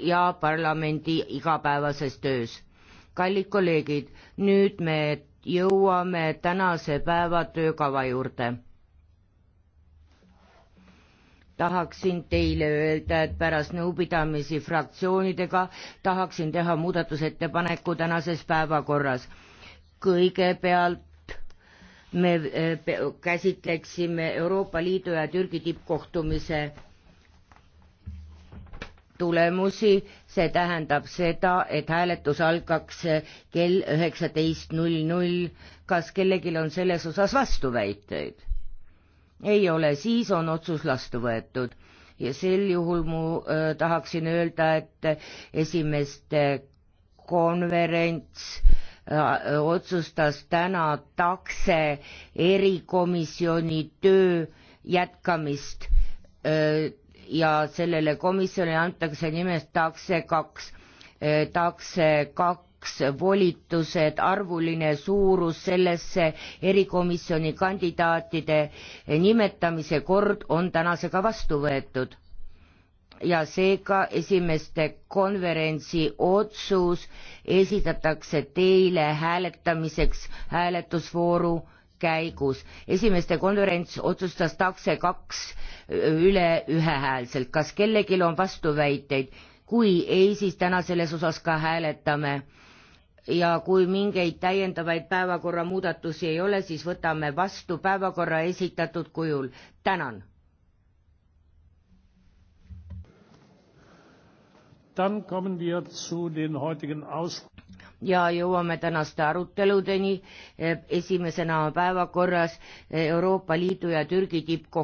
ja parlamendi igapäevases töös. kallid kolleegid, nüüd me jõuame tänase päeva töökava juurde. tahaksin teile öelda, et pärast nõupidamisi fraktsioonidega tahaksin teha muudatusettepaneku tänases päevakorras. kõigepealt me eh, käsitleksime Euroopa Liidu ja Türgi tippkohtumise tulemusi, see tähendab seda, et hääletus algaks kell üheksateist null null. kas kellelgi on selles osas vastuväiteid? ei ole, siis on otsus vastu võetud ja sel juhul mu äh, tahaksin öelda, et esimeste konverents äh, otsustas täna takse erikomisjoni töö jätkamist äh, ja sellele komisjonile antakse nimelt takse kaks, takse kaks volitused, arvuline suurus sellesse erikomisjoni kandidaatide nimetamise kord on tänasega vastu võetud. ja seega esimeste konverentsi otsus esitatakse teile hääletamiseks hääletusvooru käigus. esimeste konverents otsustas takse kaks üle ühehäälselt. kas kellelgi on vastuväiteid? kui ei, siis täna selles osas ka hääletame. ja kui mingeid täiendavaid päevakorra muudatusi ei ole, siis võtame vastu päevakorra esitatud kujul. tänan. Dann kommen wir zu den heutigen Aus- ja jõuame tänaste aruteludeni. Eh, esimesena on päevakorras eh, Euroopa Liidu ja Türgi tippkohtumine.